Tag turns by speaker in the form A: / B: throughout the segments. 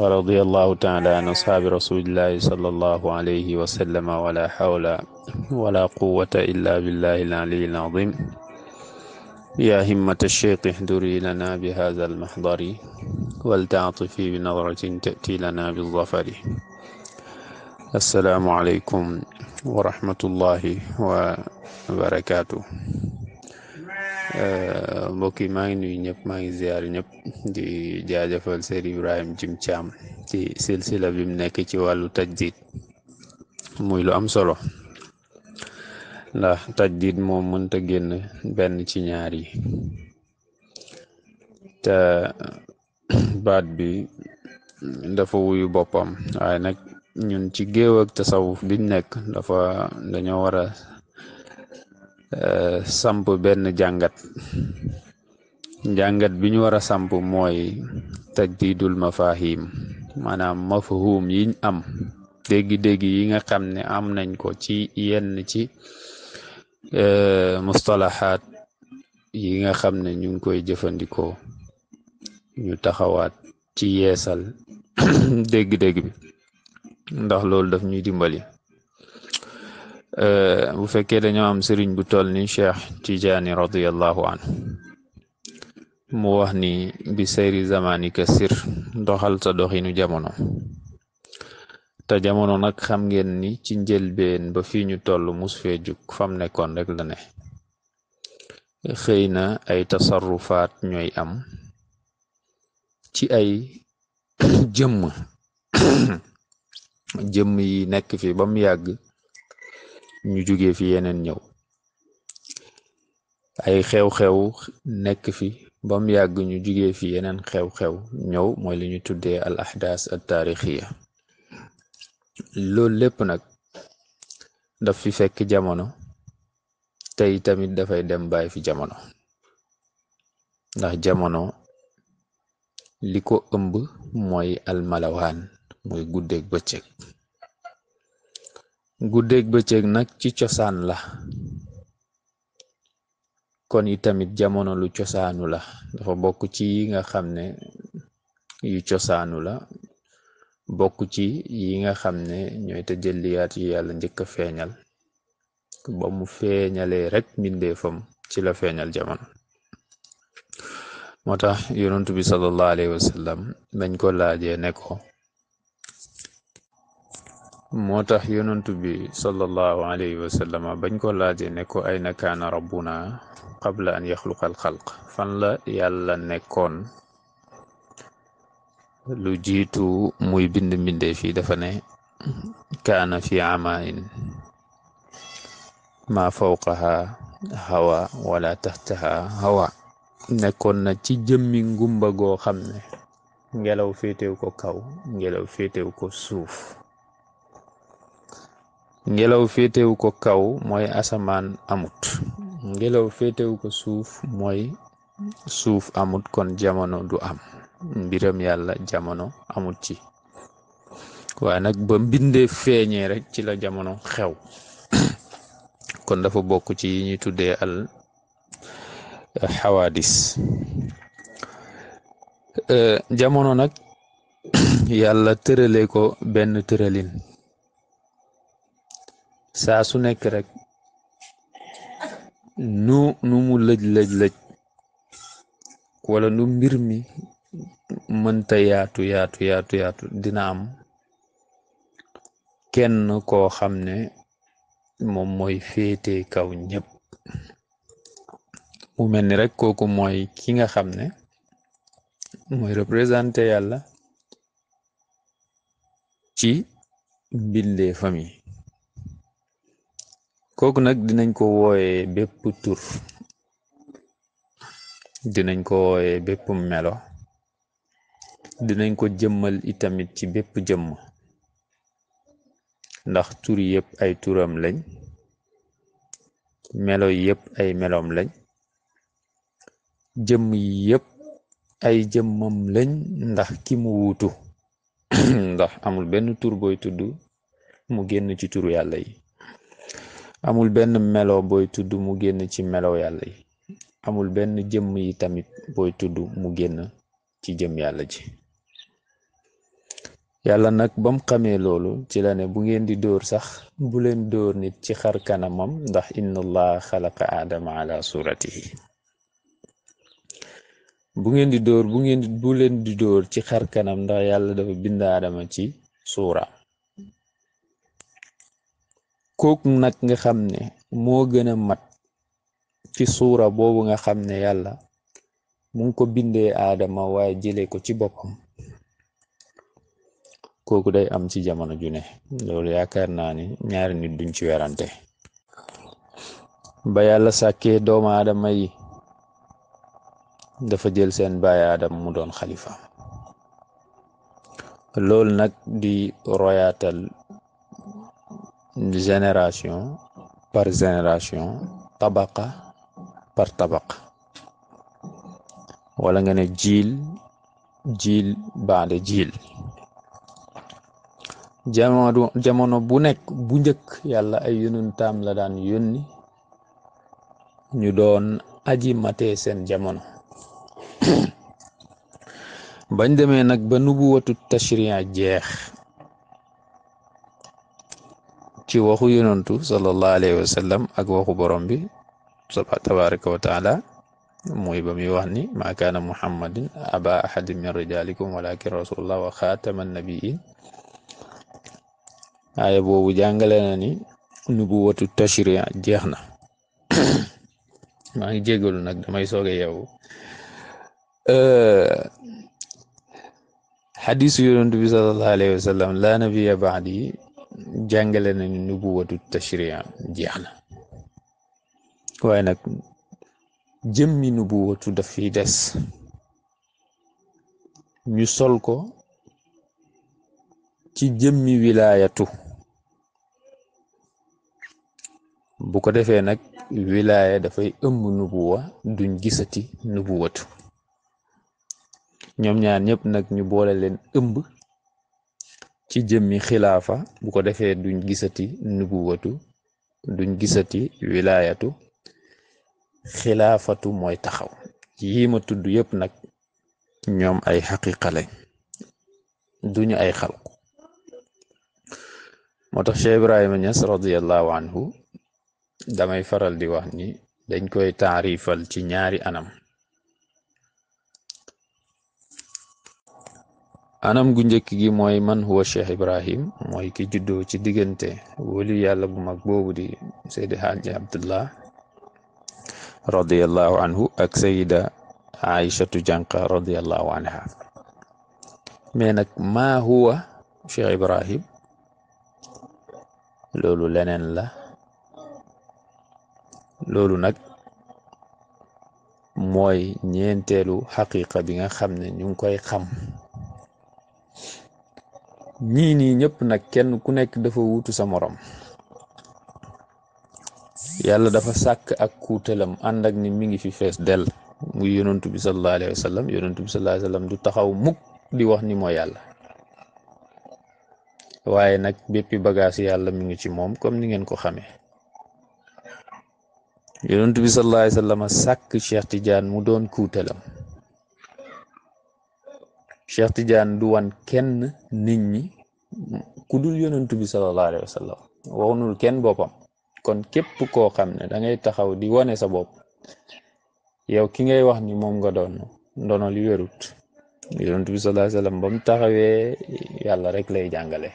A: ورضي الله تعالى عن أصحاب رسول الله صلى الله عليه وسلم ولا حول ولا قوة إلا بالله العلي العظيم يا همة الشيخ احضري لنا بهذا المحضر ولتعطفي بنظرة تأتي لنا بالظفر السلام عليكم ورحمة الله وبركاته Euh, mbokk yi maa ngi nuyu ñëpp maa ngi ziar ñëpp di jaajëfal Sëriñ Ibrahima Jim Thiam ci silsila bi mu nekk ci wàllu tajdid muy lu am solo ndax tajdid moom mënta génn benn ci ñaar yi te baat bi dafa wuyu boppam waaye nag ñun ci géew ak tasawuf biñ nekk dafa dañoo war a Eh, samp benn jàngat jàngat bi ñu war a samp mooy tajdiidul mafahim maanaam mafhum yiñ am dégg-dégg yi nga xam ne am nañ ko ci yenn ci eh, mustalahaat yi nga xam ne ñu ngi koy jëfandikoo ñu taxawaat ci yeesal dégg-dégg bi ndax loolu daf ñuy dimbali Euh, bu fekkee dañoo am sëriñ bu toll ni cheikh tijaani radiallahu anhu mu wax ni bi sayri zamanika sir doxal sa doxinu jamono te jamono nag xam ngeen ni ci njëlbeen ba fii ñu toll mus fee jug fam nekkoon rek la ne xëy na ay tasarrufaat ñooy am ci ay jëmm jëmm yi nekk fi ba mu yàgg ñu jógee fi yeneen ñëw ay xew-xew nekk fi ba mu yàgg ñu jógee fi yeneen xew-xew ñëw mooy li ñu tuddee al ahdaas taarixiya loolu lépp nag daf fi fekk jamono tey tamit dafay dem bàyyi fi jamono ndax jamono li ko ëmb mooy almalawaan mooy guddeeg bëccëg guddeeg bëccëg nag ci cosaan la kon itamit jamono lu cosaanu la dafa bokk ci yi nga xam ne yu cosaanu la bokk ci yi nga xam ne ñooy te jëlliyaat yi yàlla njëkk a feeñal ba mu feeñalee rek fom ci la feeñal jamono moo tax yonent bi sallallahu alayhi wasallam dañ ko laajee nekko moo tax yonantu bi sallallahu alayhi wa bañ ko laaje ne ko ay na kaana rabbuna qabla an yaxluqa al xalq fan la yàlla nekkoon lu jiitu muy bind mbindee fii dafa ne kaana fi amaain ma fawqaha hawa wala taxtaha hawa nekkoon na ci jëmmi ngumba goo xam ne ngelaw féetew ko kaw ngelaw féetew ko suuf ngelaw féetewu ko kaw mooy asamaan amut ngelaw féetewu ko suuf mooy suuf amut kon jamono du am mbiram yàlla jamono amut ci waaye nag ba mbindee feeñee rek ci la jamono xew kon dafa bokk ci yi ñuy tuddee al xawaadis eh, eh, jamono nag yàlla tërale ko benn tëralin saa su nekk rek nu nu mu lëj lëj lëj wala nu mbir mi mënta yaatu yaatu yaatu yaatu dina am kenn koo xam ne moom mooy féete kaw ñëpp mu mel ni rek kooku mooy ki nga xam ne moy représenté yàlla ci mbindee famille kooku nag dinañ ko wooyee bépp tur dinañ ko wooye bépp melo dinañ ko jëmmal itamit ci bépp jëmm ndax tur yëpp ay turam lañ melo yëpp ay meloom lañ jëmm yépp ay jëmmam lañ ndax ki mu wuutu ndax amul benn tur booy tudd mu génn ci turu yàlla yi amul benn melo booy tudd mu génn ci melo yàlla yi amul benn jëmm yi tamit booy tudd mu génn ci jëm yàlla ji yàlla nag bam xamee loolu ci la ne bu ngeen di dóor sax bu leen dóor nit ci xar kanamam ndax inna allaha xalaqa aadama ala suratihi bu ngeen di dóor bu ngeen bu leen di dóor ci xar kanam ndax yàlla dafa bind aadama ci suura kooku nag nga xam ne moo gën a mat ci suura boobu nga xam ne yàlla mu ko bindee aadama waaye jëlee ko ci boppam kooku day am ci jamono ju ne loolu yaakaar naa ni ñaari nit duñ ci werante ba yàlla sàkkee doomu aadama yi dafa jël seen baay aadama mu doon xalifa loolu nag di royaatal génération par génération tabaqa par tabaqa wala nga ne jiil jiil baade jiil jamono bu nekk bu njëkk yàlla ay yonentam la daan yónni ñu doon aji matee seen jamono bañ demee nag ba nubuwatu tashriya jeex ci waxu yonantu sallallahu alayhi wa ak waxu borom tabaraka wa taala muy ba muy wax ni maa kaana muhammadin aba ahadin min rijalikum walakin rasulullah wa xaatama nabiin aaya jàngale na ni nubuwatu tashri jeex na maa ngi jégalu nag damay sooge jàngale nañ nubuwatu tashriya jeex na waaye nag jëmmi nubuwatu daf fi des ñu sol ko ci jëmmi wilaayatu bu ko defee nag wilaaya dafay ëmb nubuwa duñ gisati nubuwatu ñoom ñaan ñëpp nag ñu boole leen ëmb ci jëmmi xilaafa bu ko defee duñ gisati nubuwatu duñ gisati wilaayatu xilaafatu mooy taxaw yii ma tudd yépp nag ñoom ay xaqiqa lañ duñu ay xalqu moo tax Cheikh Ibrahima Niass radiallahu anhu damay faral di wax ni dañ koy taarifal ci ñaari anam anam gu njëkk gi mooy man huwa cheikh ibrahim mooy ki juddoo ci diggante woli yàlla bu mag boobu di seydi haaji abdullah radiallahu anhu ak sayida aïchatu jànqa radiallahu anha mais nag maa huwa cheikh ibrahim loolu leneen la loolu nag mooy ñeenteelu xaqiqa bi nga xam ne ñu ngi koy xam Nini nyop ñëpp nak kenn ku nekk dafa wutu sa morom yalla dafa sak ak kuutalam and ak ni mi ngi fi fess del. mu yonentou bi sallallahu alayhi wasallam yonentou bi sallallahu alayhi wasallam du taxaw muk di wax ni mo yalla waye nak bepp bagage yalla mi ngi ci mom comme ni ngeen ko xamé yonentou bi sallallahu alayhi wasallam sak Cheikh Tidiane mu doon Cheikh Tidiane du wan kenn nit ñi ku dul yonentou bi sallallahu alayhi wasallam sallam kenn bopam kon kep ko xamne da ngay taxaw di woné sa bop yow ki ngay wax ni mom nga don ndono li wërut yonentou bi sallallahu alayhi wasallam bam taxawé yalla rek lay jangalé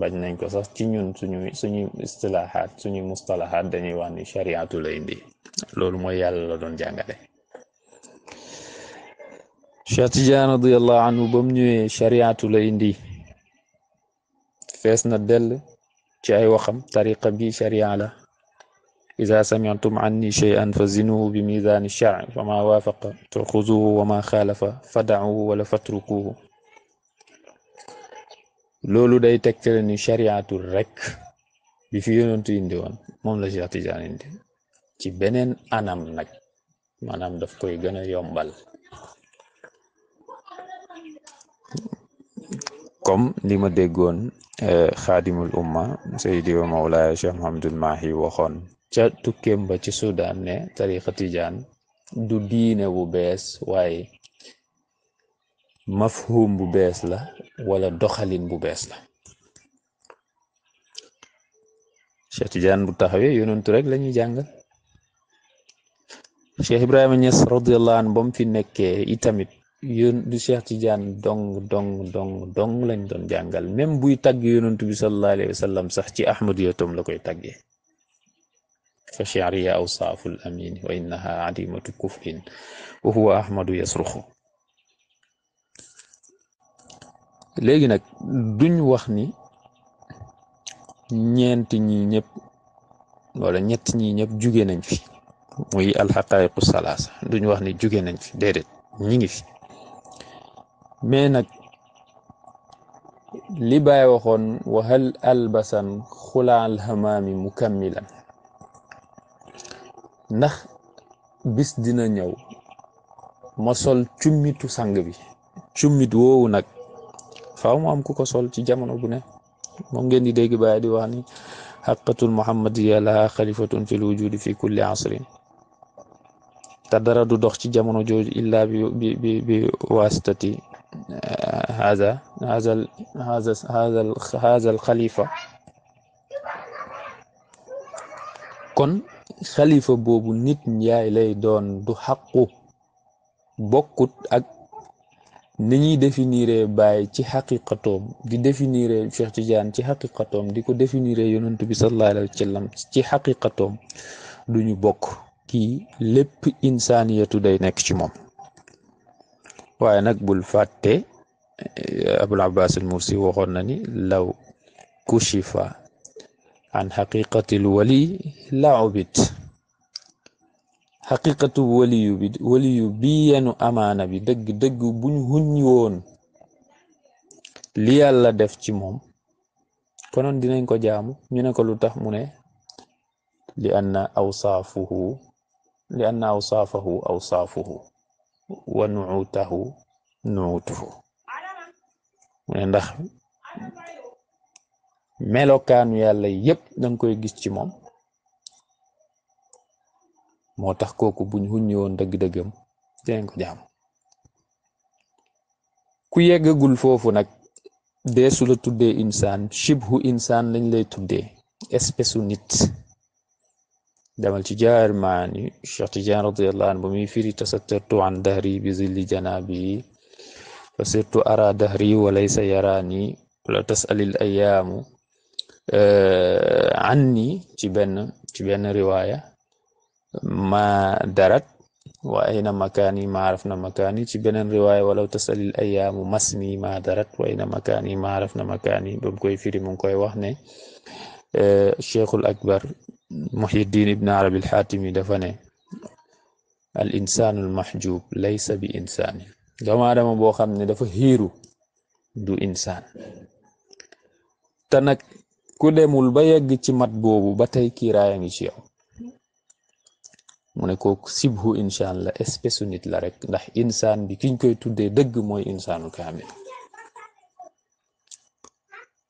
A: bañ nañ ko sax ci ñun suñu suñu istilahat suñu mustalahat dañuy wax ni lay indi lolu moy yalla la don jangalé شاتيجان رضي الله عنه بمني شريعة لإندي فاسنا الدل جاي وخم طريقة بي شريعة لا. إذا سمعتم عني شيئا فزنوه بميزان الشرع فما وافق تأخذوه وما خالف فدعوه ولا فتركوه لولو داي تكتلني شريعة الرك بفيون انتو اندوان مم لجاتي جان اندي تي بنين انام نك مانام دفكوي غنى يوم بل comme li ma déggoon eh, xaadimul umma saydi wa mawlaaya cheikh mahamadul mahi waxoon ca tukkeem ba ci soudan ne tariqa tijaan du diine bu bees waaye mafhum bu bees la wala doxalin bu bees la cheikh tidiane bu taxawee yonentu rek lañuy jàngal cheikh ibrahima ñes radiyallahu anhu ba mu fi nekkee itamit yoon du Cheikh Tidiane dong dong dong dong lañ doon jàngal même buy tàgg yonantu bi sallallahu sax ci ahmadiyatom la koy tàggee fa chiariya awsaafu l amin wa innaha adimatu kufrin wa ahmadu yasruxu léegi nag duñ wax ni ñeent ñi ñëpp wala ñett ñi ñëpp juge nañ fi muy alxaqaayiqu salaasa duñ wax ni juge nañ fi déedéet ñi ngi fi mais nag li bay waxoon wa hal albasan xulaal hamaami mukammilan ndax bis dina ñëw ma sol cummitu sang bi cummit woowu nag faaw mu am ku ko sol ci jamono bu ne moom ngeen di dégg baay di wax ni xaqatul muhammadiya laha xalifatun fi lwujudi fi kulli asrin te dara du dox ci jamono jooju illa bi bi هذا هذا هذا هذا هذا الخليفة كن خليفة بوبو نيت نيا إلي دون دو حقو بوكوت أك نيني ديفينيري باي تي حقيقتوم دي ديفينيري شيخ تيجان تي حقيقتوم ديكو ديفينيري يونت بي صلى الله عليه وسلم تي حقيقتوم دو ني كي لب إنسانية داي نيك تي waaye nag bul fàtte eh, abul abbas al waxoon na ni law kushifa an xaqiqatil wali la ubit xaqiqatu waliyu bi waliyu amaana bi dëgg dëgg buñ huññi woon li yàlla def ci moom konoon dinañ ko jaamu ñu ne ko lu tax mu ne li anna awsaafuhu li anna awsaafahu awsaafuhu wa nuutahu nuutuhu mu ne ndax melokaanu yàlla yépp danga koy gis ci moom moo tax kooku buñ xuññi woon dëgg-dëggam dinañ ko jaam ku yeggagul foofu nag deesu la tuddee insaan shibhu insaan lañ lay tuddee espèce nit دم التجار معني الشيخ تجار رضي الله عنه بمي فيري تسترت عن دهري بزل جنابي فصرت أرى دهري وليس يراني ولا تسأل الأيام آه، عني تبين تبين رواية ما درت وأين مكاني ما عرفنا مكاني تبين رواية ولو تسأل الأيام مسني ما درت وأين مكاني ما عرفنا مكاني بمكوي فيري منكوي وحني آه، الشيخ الأكبر muhyiddin ibn arabi alxaatimi dafa ne al insaanu almaxjub laysa bi insaanin doomu aadama boo xam ne dafa xiiru du insaan te nag ku demul ba yegg ci mat boobu ba tey kiiraaya ngi ci yow mu ne kooku sibhu insaan la espèce nit la rek ndax insaan bi kiñ koy tuddee dëgg mooy insaanu kaamil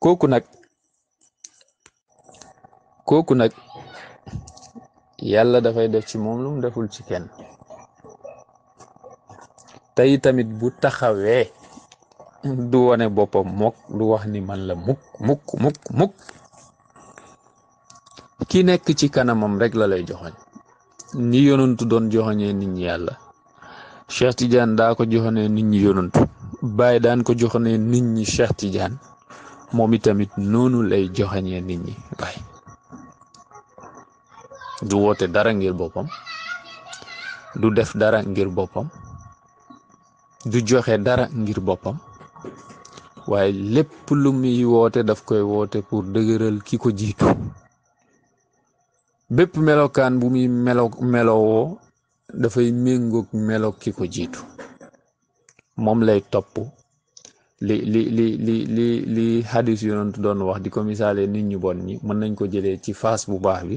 A: kooku nag kooku nag yàlla dafay def ci moom lu mu deful ci kenn tey tamit bu taxawee du wane boppam mukk du wax ni man la mukk mukk mukk mukk ki nekk ci kanamam rek la lay joxoñ ni yonantu doon joxoñee nit ñi yàlla Cheikh Tidiane daa ko joxonee nit ñi yonantu Baye daan ko joxonee nit ñi Cheikh Tidiane moom itamit noonu lay joxoñee nit ñi Baye du woote dara ngir boppam du def dara ngir boppam du joxe dara ngir boppam waaye lépp lu muy woote daf koy woote pour dëgëral ki ko jiitu bépp melokaan bu muy melo melowoo dafay méngoog melo ki ko jiitu moom lay topp li li li li li li hadis yonent doon wax di ko misaale nit ñu bon ñi mën nañ ko jëlee ci faas bu baax bi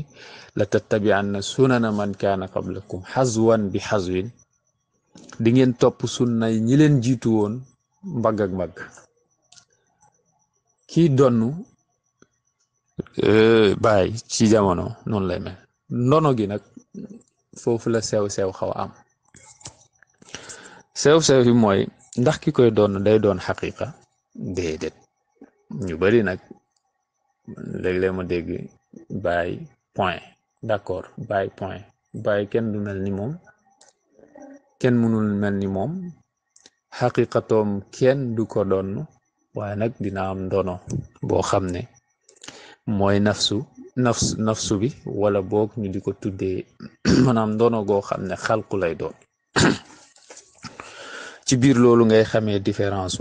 A: la tattabianna sunana man kaana qablakum xazwan bi xazwin di ngeen topp sunna yi ñi leen jiitu woon mbagg ak mbagg kii donn euh, baay ci jamono noonu lay mel ndono gi nag foofu la sew-sew xaw am sew-sew yi mooy ndax ki koy doon day doon xaqiqa déedéet ñu bari nag léeg ma dégg baay point d'accord baay point baay kenn du mel ni moom kenn mënul mel ni moom xaqiqatoom kenn du ko donn waaye nag dina am ndono boo xam ne mooy nafsu bi wala boog ñu di ko tuddee maanaam ndono goo xam ne xalku lay doon ci bir lolou ngay xamé différence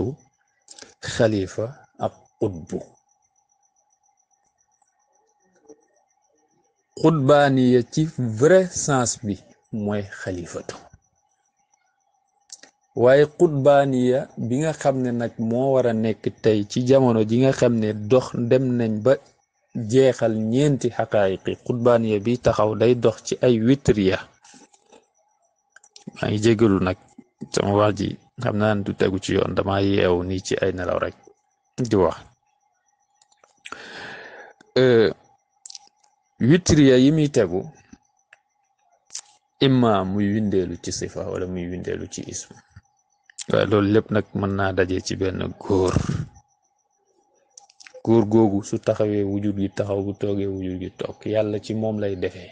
A: khalifa ak xutbu xutbaaniya ci vrai sens bi mooy xalifatu waaye xutbaaniya bi nga xamné nak mo wara nek tay ci jamono ji nga xamné dox dem nañ ba jeexal ñenti haqaiqi qutbani bi taxaw day dox ci ay witr ya maa ngi sama wax ji xam naa ne du tegu ci yoon dama yeew nii ci ay nelaw rek di wax witriya euh, yi muy tegu imma muy windeelu ci sifa wala muy windeelu ci ism waaye loolu lépp nag mën naa daje ci benn góor góor googu su taxawee wujur gi taxaw bu toogee wujur gi toog yàlla ci moom lay defee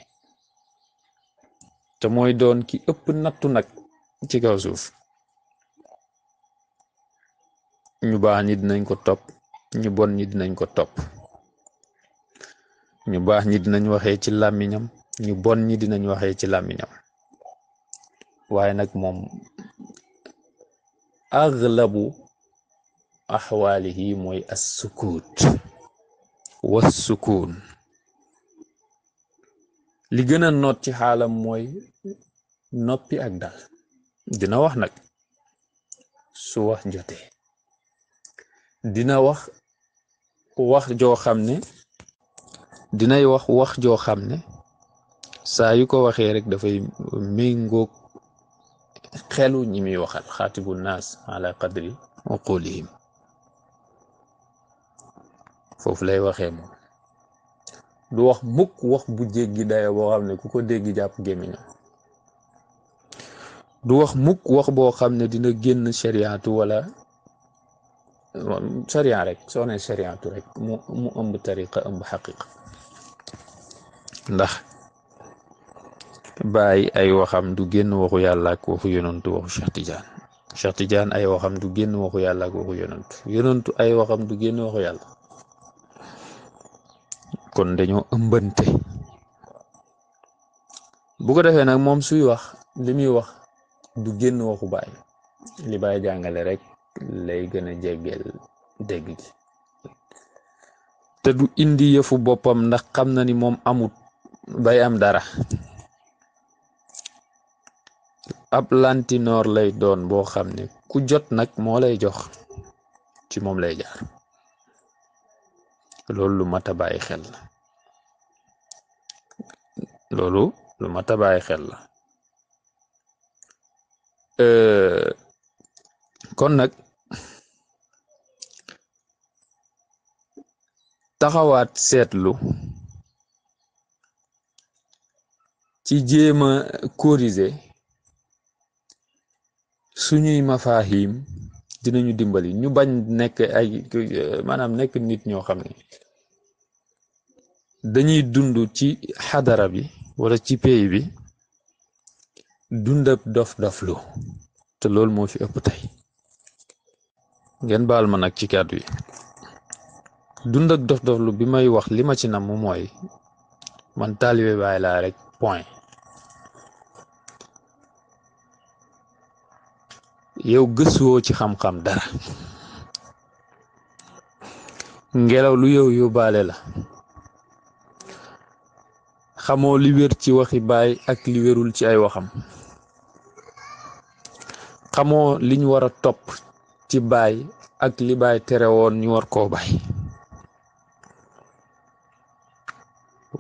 A: te mooy doon ki ëpp nattu nag ci kaw suuf ñu baax ñi dinañ ko topp ñu dinañ ko topp ñu baax ñi dinañ waxee ci làmmiñam ñu bon ñi dinañ waxee ci làmmiñam waaye nag moom aglabu axwaalihi mooy assukuut wassukuun li gën a noot ci xaalam mooy noppi ak dal dina wax nag su wax jotee dina wax wax joo xam ne dinay wax wax joo xam ne saa yu ko waxee rek dafay méngoog xelu ñi muy waxal xaatibu naas ala qadri uqulihim foofu lay waxee moom du wax mukk wax bu jéggi daya boo xam ne ku ko dégg jàpp gémmiñam du wax mukk wax boo xam ne dina génn shariatu wala sharia rek soo ne shariatu rek mu mu ëmb tariqa ëmb xaqiqa ndax bàyyi ay waxam du génn waxu yàlla ak waxu yonantu waxu Cheikh Tidiane Cheikh Tidiane ay waxam du génn waxu yàlla ak waxu yonantu yonantu ay waxam du génn waxu yàlla kon dañoo ëmbante bu ko defee nag moom suy wax li muy wax du génn waxu baay li baay jàngale rek lay gën a jéggeel dégg te du indi yëfu boppam ndax xam na ni moom amut bay am dara ab lantinoor lay doon boo xam ne ku jot nag moo lay jox ci moom lay jaar loolu lu mat a xel la loolu lu mat a bàyyi xel la Euh, kon nag taxawaat seetlu ci jéem a corriger suñuy mafahim dinañu dimbali ñu bañ nekk ay maanaam nekk nit ñoo xam ne dañuy dund ci xadara bi wala ci pays bi dundab dof doflu te loolu moo fi ëpp tey ngeen baal ma nag ci kàddu yi dund ak dof doflu bi may wax li ma ci namm mooy man taalibe Baay laa rek point yow gëstuwoo ci xam-xam dara ngelaw lu yow yóbbaale la xamoo li wér ci waxi baay ak li wérul ci ay waxam xamoo liñ war a topp ci baay ak li baay tere woon ñu war koo baay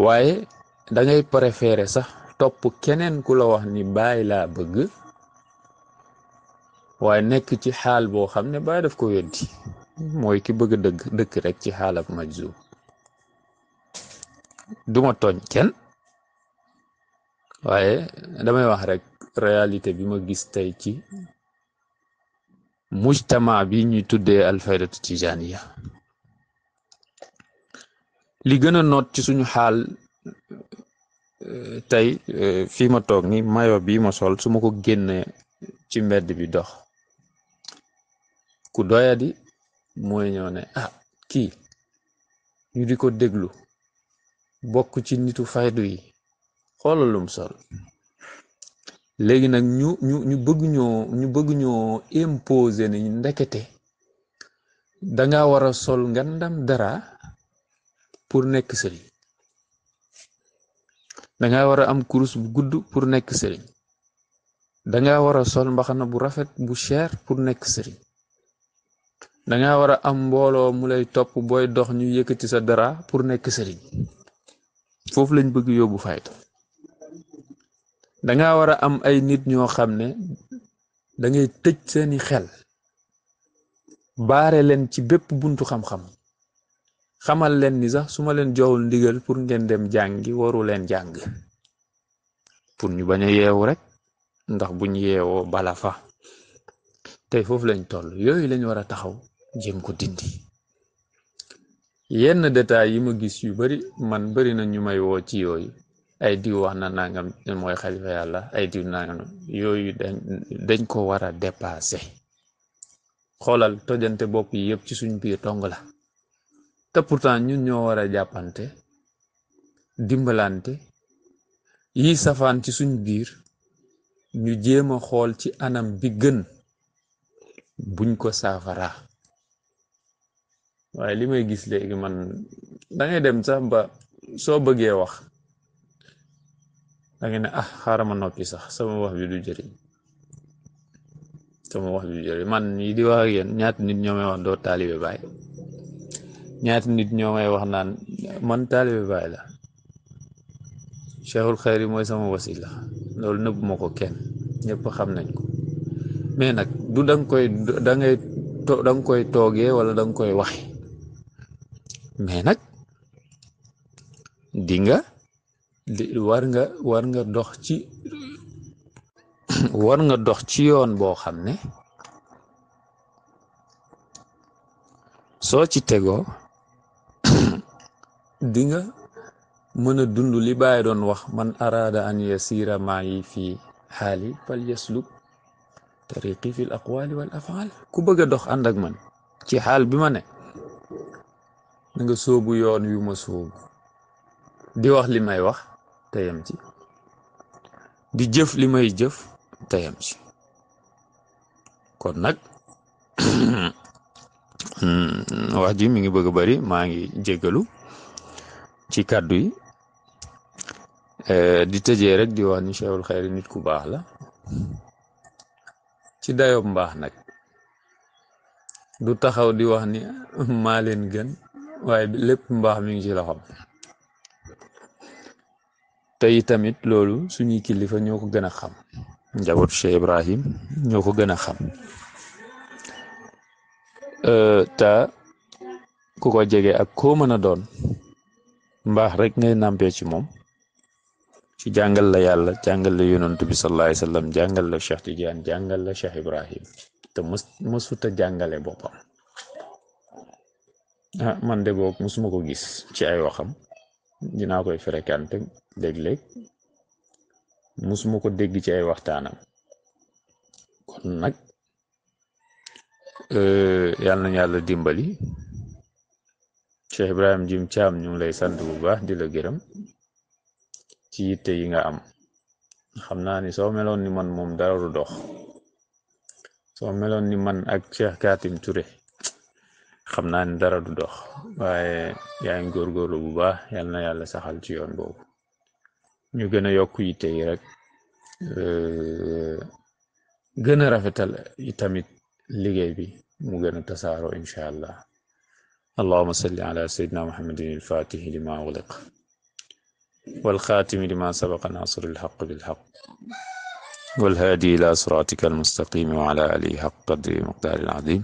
A: waaye dangay préféré sax topp keneen ku la wax ni baay laa bëgg waaye nekk ci xaal boo xam ne baay def ko weddi mooy ki bëgg dëgg dëkk rek ci xaalab majzum duma tooñ kenn waaye damay wax rek réalité bi ma gis tey ci mujtama bi ñuy tuddee alfaydatu tijaniya li gën a noot ci suñu xaal euh, tey euh, fi ma toog ni mayo bi ma sol su ma ko génnee ci mbedd bi dox ku doyadi mooy ñëw ne ah kii ñu di ko déglu bokk ci nitu faydu yi xoolal lum sol léegi nag ñu ñu ñu bëgg ñoo ñu bëgg imposer ni ndekete danga war a sol ngandam dara pour nekk sëriñ danga war a am kurus bu gudd pour nekk sëriñ danga war a sol mbaxana bu rafet bu cher pour nekk sëriñ danga war a am mbooloo mu lay topp booy dox ñu yëkkati sa dara pour nekk sëriñ foofu lañ bëgg yóbbu fayda danga war a am ay nit ñoo xam ne dangay tëj seeni xel baare leen ci bépp buntu xam-xam xamal leen ni sax su ma leen joxul ndigal pour ngeen dem jàngi waru leen jàng pour ñu bañ a yeewu rek ndax buñ yeewoo bala fa tey foofu lañ toll yooyu lañ war a taxaw jéem ko dindi yenn détails yi ma gis yu bari man bari na ñu may woo ci yooyu ay diw wax na nangam mooy xalifa yàlla ay diw nangam yooyu dañ dañ ko war a dépassé xoolal tojante bopp yépp ci suñ biir tong la te pourtant ñun ñoo war a jàppante dimbalante yi safaan ci suñ biir ñu jéem a xool ci anam bi gën buñ ko saafara waaye limay may gis léegi man da ngay dem sax ba soo bëggee wax da nga ne ah xaaral ma noppi sax sama wax du sama wax man mii di wax yéen ñaata nit ñoo may wax doo taalibe baay ñaata nit ñoo may wax naan man taalibe baay la cheikhul xayri mooy sama wasila loolu nëbb ko kenn ñëpp xam nañ ko mais nag du danga koy da da nga koy toogee wala danga koy waxe mais nag dinga war nga war nga dox ci war nga dox ci yoon boo xam ne soo ci tegoo di nga mën a dund li bàyyi doon wax man araada an yasira maa yi xaali fal yasluk tariqi fi l aqwali wal ku bëgg dox ànd ak man ci xaal bi ma ne na nga sóobu yoon wi ma sóobu di wax li may wax teyam ci di jëf li may jëf teyam ci kon nag wax ji mi ngi bëgg a bari maa ngi jégalu ci kàddu yi eh, di tëjee rek di wax ni cheikhul xayri nit ku baax la ci dayob mbaax nag du taxaw di wax ni maa leen gën waaye lépp mbaax mi ngi ci loxoom tey tamit loolu suñuy kilifa ñoo ko gën a xam njabootu Cheikh Ibrahim ñoo ko gën a xam euh, te ku ko jege ak koo mën a doon mbaax rek ngay nàmpee ci moom ci jàngal la yàlla jàngal la yonantu bi sallallahu alayhi wasallam jàngal la Cheikh Tidiane jàngal la Cheikh Ibrahim te mës mësuta jàngale boppam ah man de boog mësuma ko gis ci ay waxam dinaa koy fréquenté léeg-léeg musuma ko dégg ci ay waxtaanam kon nag euh, yàlla nañu yàlla dimbali Cheikh Jim Thiam ñu lay sant bu baax di la gërëm ci yitte yi nga am xam naa ni soo meloon ni man moom dara du dox soo meloon ni man ak Cheikh Katim Touré xam ni dara du dox waaye yaa ngi góorgóorlu bu baax yal na yàlla saxal ci yoon boobu ñu gën a yokk yitte yi rek gën a rafetal itamit liggéey bi mu gën a tasaaro incha allah allahuma salli ala sayidina muhammadin alfatihi lima ugliq والخاتم لما سبق ناصر الحق بالحق والهادي إلى صراطك المستقيم وعلى آله حق قدر مقدار العظيم